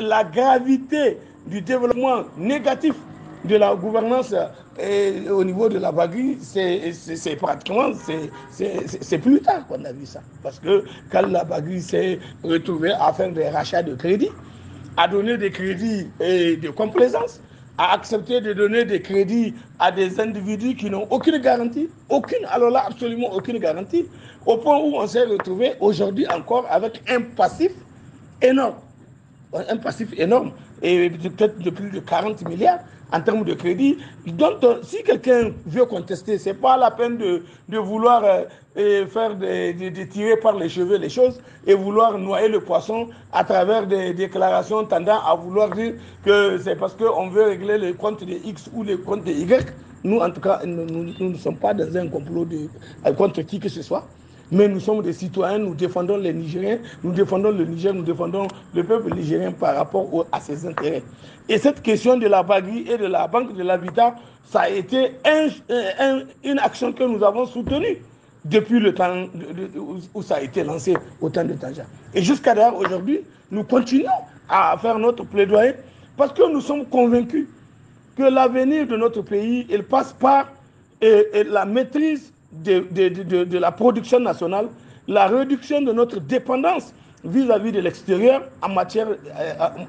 la gravité du développement négatif de la gouvernance euh, au niveau de la Bagui, c'est pratiquement, c'est plus tard qu'on a vu ça. Parce que quand la Bagui s'est retrouvée à faire des rachats de crédits, à donner des crédits euh, de complaisance, à accepter de donner des crédits à des individus qui n'ont aucune garantie, aucune, alors là, absolument aucune garantie, au point où on s'est retrouvé aujourd'hui encore avec un passif énorme un passif énorme, et peut-être de plus de 40 milliards en termes de crédit. Donc, euh, si quelqu'un veut contester, ce n'est pas la peine de, de vouloir euh, faire tirer par les cheveux les choses et vouloir noyer le poisson à travers des déclarations tendant à vouloir dire que c'est parce qu'on veut régler les comptes de X ou les comptes de Y. Nous, en tout cas, nous, nous, nous ne sommes pas dans un complot de, contre qui que ce soit. Mais nous sommes des citoyens, nous défendons les Nigériens, nous défendons le Niger, nous défendons le peuple nigérien par rapport à ses intérêts. Et cette question de la baguille et de la banque de l'habitat, ça a été une action que nous avons soutenue depuis le temps où ça a été lancé, au temps de Taja. Et jusqu'à d'ailleurs, aujourd'hui, nous continuons à faire notre plaidoyer parce que nous sommes convaincus que l'avenir de notre pays, il passe par la maîtrise de, de, de, de, la production nationale, la réduction de notre dépendance vis-à-vis de l'extérieur en matière, euh,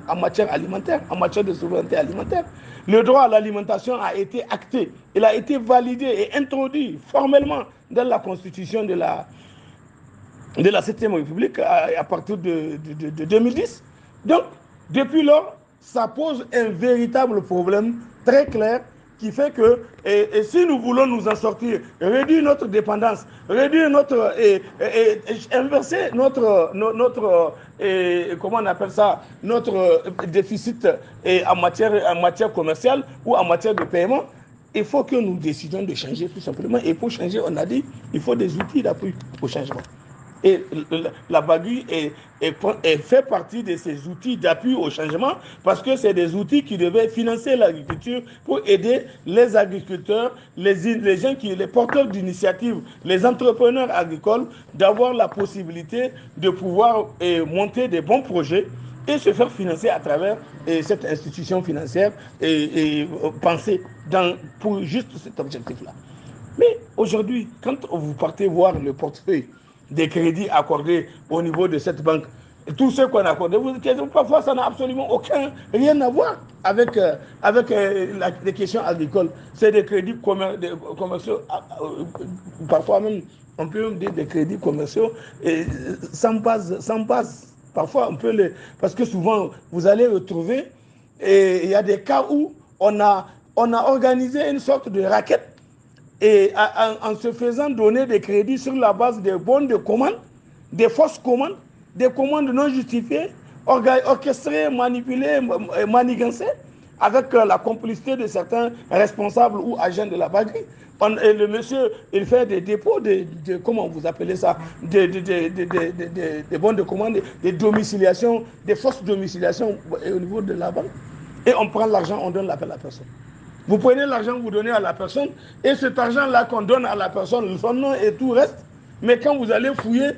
en matière alimentaire, en matière de souveraineté alimentaire. Le droit à l'alimentation a été acté, il a été validé et introduit formellement dans la constitution de la, de la 7e République à, partir de, de, de 2010. Donc, depuis lors, ça pose un véritable problème très clair qui fait que, et, si nous voulons nous en sortir, réduire notre dépendance, réduire notre, et, inverser notre, notre, comment on appelle ça, notre déficit en, matière, en matière commerciale ou en matière de paiement, il faut que nous décidions de changer tout simplement. Et pour changer, on a dit, il faut des outils d'appui au changement. Et la banque est, fait partie de ces outils d'appui au changement parce que c'est des outils qui devaient financer l'agriculture pour aider les agriculteurs, les, gens qui, les porteurs d'initiatives, les entrepreneurs agricoles d'avoir la possibilité de pouvoir monter des bons projets et se faire financer à travers cette institution financière et, euh, penser dans, pour juste cet objectif-là. Mais aujourd'hui, quand vous partez voir le portefeuille, des crédits accordés au niveau de cette banque. Et tout ce qu'on a accordé, vous, parfois ça n'a absolument aucun, rien à voir avec, euh, avec euh, les questions agricoles. C'est des crédits euh, commerciaux, ah, ah, parfois même, on peut même dire des crédits commerciaux, et sans base, sans base. Parfois, on peut les. Parce que souvent, vous allez retrouver, et il y a des cas où on a, on a organisé une sorte de raquette et en, se faisant donner des crédits sur la base des bons de commandes, des fausses commandes, des commandes non justifiées, orchestrées, manipulées, manigancées, avec euh, la complicité de certains responsables ou agents de la banque. le monsieur, il fait des dépôts de, comment vous appelez ça, des de, de, de, bons de commande, des domiciliations, des fausses domiciliations au niveau de la banque. Et on prend l'argent, on donne l'appel à la personne. Vous prenez l'argent, vous donnez à la personne, et cet argent-là qu'on donne à la personne, son nom et tout reste. Mais quand vous allez fouiller,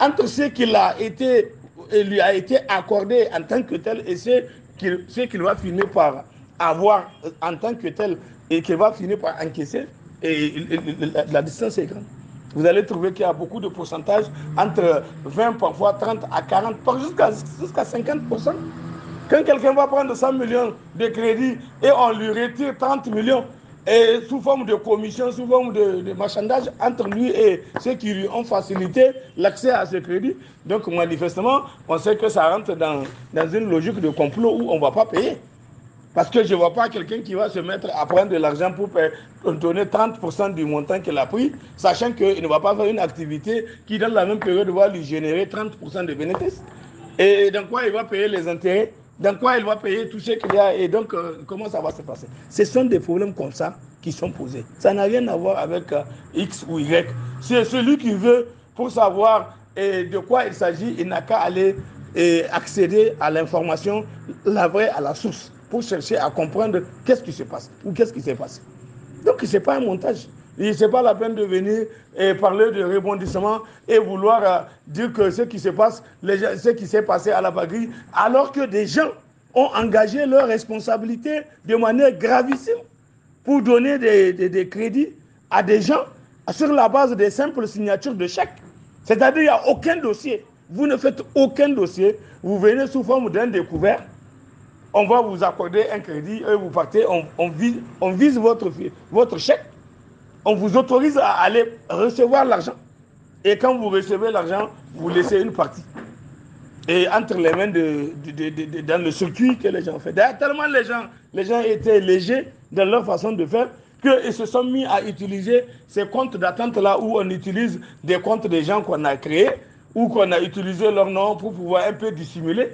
entre ce qu'il a été, lui a été accordé en tant que tel et ce qu'il va finir par avoir en tant que tel et qu'il va finir par encaisser, et, la, distance est grande. Vous allez trouver qu'il y a beaucoup de pourcentages entre 20, parfois 30 à 40, jusqu'à jusqu'à 50%. Quand quelqu'un va prendre 100 millions de crédits et on lui retire 30 millions sous forme de commission, sous forme de, marchandage entre lui et ceux qui lui ont facilité l'accès à ce crédit, donc manifestement, on sait que ça rentre dans, dans une logique de complot où on ne va pas payer. Parce que je ne vois pas quelqu'un qui va se mettre à prendre de l'argent pour donner 30% du montant qu'il a pris, sachant qu'il ne va pas faire une activité qui, dans la même période, va lui générer 30% de bénéfices. Et dans quoi il va payer les intérêts dans quoi il va payer tout ce qu'il y a et donc euh, comment ça va se passer Ce sont des problèmes comme ça qui sont posés. Ça n'a rien à voir avec euh, X ou Y. C'est celui qui veut pour savoir de quoi il s'agit, il n'a qu'à aller accéder à l'information, la vraie, à la source, pour chercher à comprendre qu'est-ce qui se passe ou qu'est-ce qui s'est passé. Donc ce n'est pas un montage. Ce n'est pas la peine de venir et parler de rebondissement et vouloir euh, dire que ce qui se passe, ce qui s'est passé à la Bagri, alors que des gens ont engagé leur responsabilité de manière gravissime pour donner des, crédits à des gens sur la base des simples signatures de chèques. C'est-à-dire qu'il n'y a aucun dossier. Vous ne faites aucun dossier. Vous venez sous forme d'un découvert. On va vous accorder un crédit et vous partez. On, vise, votre chèque on vous autorise à aller recevoir l'argent. Et quand vous recevez l'argent, vous laissez une partie. Et entre les mains de, dans le circuit que les gens font. D'ailleurs, tellement les gens, les gens étaient légers dans leur façon de faire qu'ils se sont mis à utiliser ces comptes d'attente là où on utilise des comptes des gens qu'on a créés ou qu'on a utilisé leur nom pour pouvoir un peu dissimuler.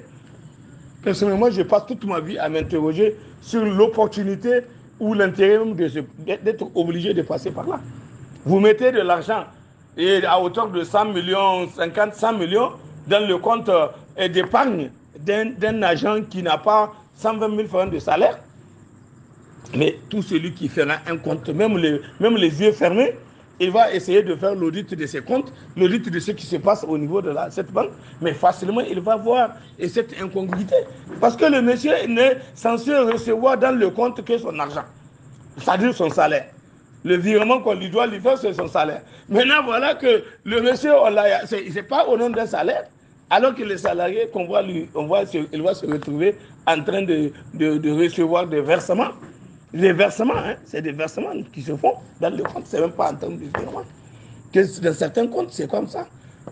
Personnellement, je passe toute ma vie à m'interroger sur l'opportunité ou l'intérêt même d'être obligé de passer par là. Vous mettez de l'argent à hauteur de 100 millions, 50, 100 millions dans le compte euh, d'épargne d'un agent qui n'a pas 120 000 francs de salaire. Mais tout celui qui fera un compte, même les, même les yeux fermés, il va essayer de faire l'audit de ses comptes, l'audit de ce qui se passe au niveau de cette banque, mais facilement il va voir cette incongruité. Parce que le monsieur n'est censé recevoir dans le compte que son argent, c'est-à-dire son salaire. Le virement qu'on lui doit lui faire, c'est son salaire. Maintenant, voilà que le monsieur, ce n'est pas au nom d'un salaire, alors que le salarié qu'on voit, lui, on voit, il va se retrouver en train de recevoir des versements les versements, hein, c'est des versements qui se font dans le compte, c'est même pas en termes de virement. Que dans certains comptes, c'est comme ça.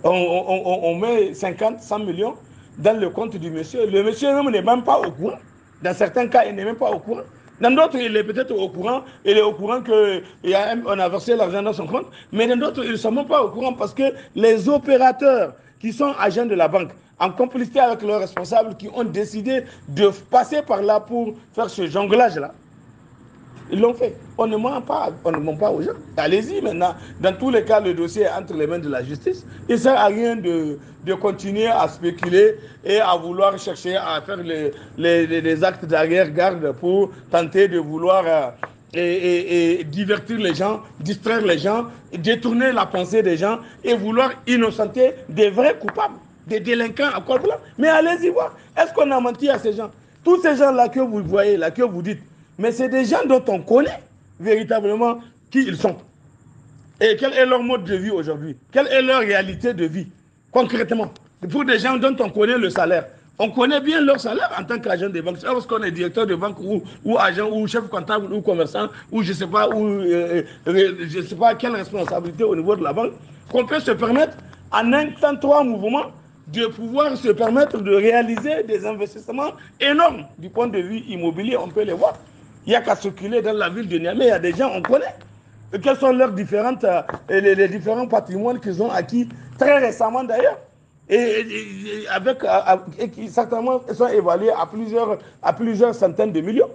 On, met 50, 100 millions dans le compte du monsieur. Le monsieur même n'est même pas au courant. Dans certains cas, il n'est même pas au courant. Dans d'autres, il est peut-être au courant. Il est au courant qu'on a versé l'argent dans son compte. Mais dans d'autres, ils ne sont même pas au courant parce que les opérateurs qui sont agents de la banque, en complicité avec leurs responsables qui ont décidé de passer par là pour faire ce jonglage-là, ils l'ont fait. On ne ment pas, on ne ment pas aux gens. Allez-y maintenant. Dans tous les cas, le dossier est entre les mains de la justice. Il ne sert à rien de, continuer à spéculer et à vouloir chercher à faire les, les, actes d'arrière-garde pour tenter de vouloir euh, et, divertir les gens, distraire les gens, détourner la pensée des gens et vouloir innocenter des vrais coupables, des délinquants à quoi Mais allez-y voir. Est-ce qu'on a menti à ces gens tous ces gens-là que vous voyez, là, que vous dites, mais c'est des gens dont on connaît véritablement qui ils sont. Et quel est leur mode de vie aujourd'hui Quelle est leur réalité de vie concrètement Pour des gens dont on connaît le salaire, on connaît bien leur salaire en tant qu'agent de banque. Lorsqu'on est directeur de banque ou, agent ou chef comptable ou commerçant ou je ne sais pas ou euh, euh, euh, je sais pas quelle responsabilité au niveau de la banque, qu'on peut se permettre en un temps trois mouvements de pouvoir se permettre de réaliser des investissements énormes du point de vue immobilier. On peut les voir. Il n'y a qu'à circuler dans la ville de Niamey, il y a des gens, on connaît. quels sont leurs différentes, euh, les, différents patrimoines qu'ils ont acquis très récemment d'ailleurs et, avec, qui certainement sont évalués à plusieurs, à plusieurs centaines de millions.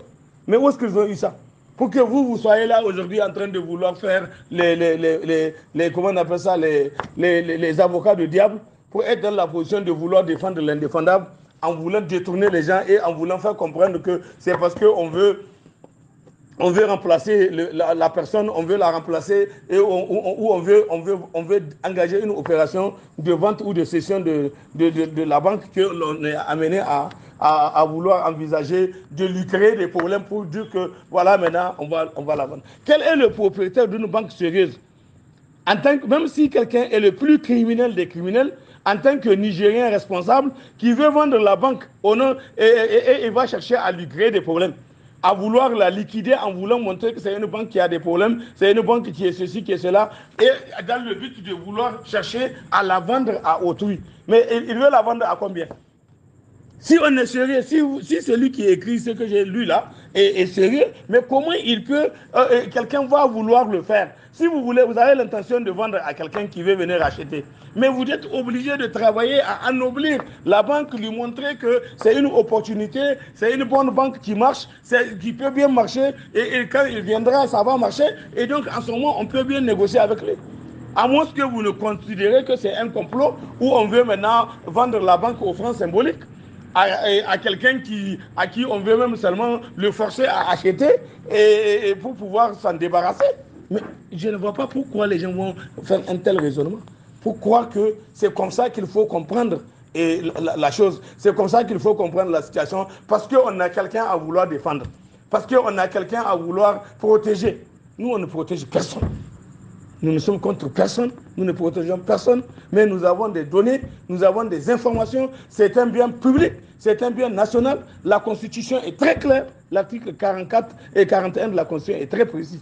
Mais où est-ce qu'ils ont eu ça Pour que vous, vous soyez là aujourd'hui en train de vouloir faire les, les, les, les ça, les, les avocats du diable, pour être dans la position de vouloir défendre l'indéfendable en voulant détourner les gens et en voulant faire comprendre que c'est parce qu'on veut on veut remplacer la, personne, on veut la remplacer et on, ou on veut, on, veut, on veut engager une opération de vente ou de cession de, de, la banque que l'on est amené à, à, vouloir envisager de lui créer des problèmes pour dire que voilà maintenant on va, on va la vendre. Quel est le propriétaire d'une banque sérieuse en tant Même si quelqu'un est le plus criminel des criminels, en tant que Nigérien responsable qui veut vendre la banque au nom et, et va chercher à lui créer des problèmes à vouloir la liquider en voulant montrer que c'est une banque qui a des problèmes, c'est une banque qui est ceci, qui est cela, et dans le but de vouloir chercher à la vendre à autrui. Mais il veut la vendre à combien si on est sérieux, si, celui qui écrit ce que j'ai lu là est, sérieux, mais comment il peut, euh, euh, quelqu'un va vouloir le faire Si vous voulez, vous avez l'intention de vendre à quelqu'un qui veut venir acheter, mais vous êtes obligé de travailler à ennoblir la banque, lui montrer que c'est une opportunité, c'est une bonne banque qui marche, qui peut bien marcher, et, et quand il viendra, ça va marcher, et donc en ce moment, on peut bien négocier avec lui. À moins que vous ne considérez que c'est un complot où on veut maintenant vendre la banque aux francs symboliques à, quelqu'un qui, à qui on veut même seulement le forcer à acheter et, pour pouvoir s'en débarrasser. Mais je ne vois pas pourquoi les gens vont faire un tel raisonnement. Pourquoi que c'est comme ça qu'il faut comprendre et la chose. C'est comme ça qu'il faut comprendre la situation parce qu'on a quelqu'un à vouloir défendre, parce qu'on a quelqu'un à vouloir protéger. Nous, on ne protège personne. Nous ne sommes contre personne, nous ne protégeons personne, mais nous avons des données, nous avons des informations. C'est un bien public, c'est un bien national. La Constitution est très claire. L'article 44 et 41 de la Constitution est très précis.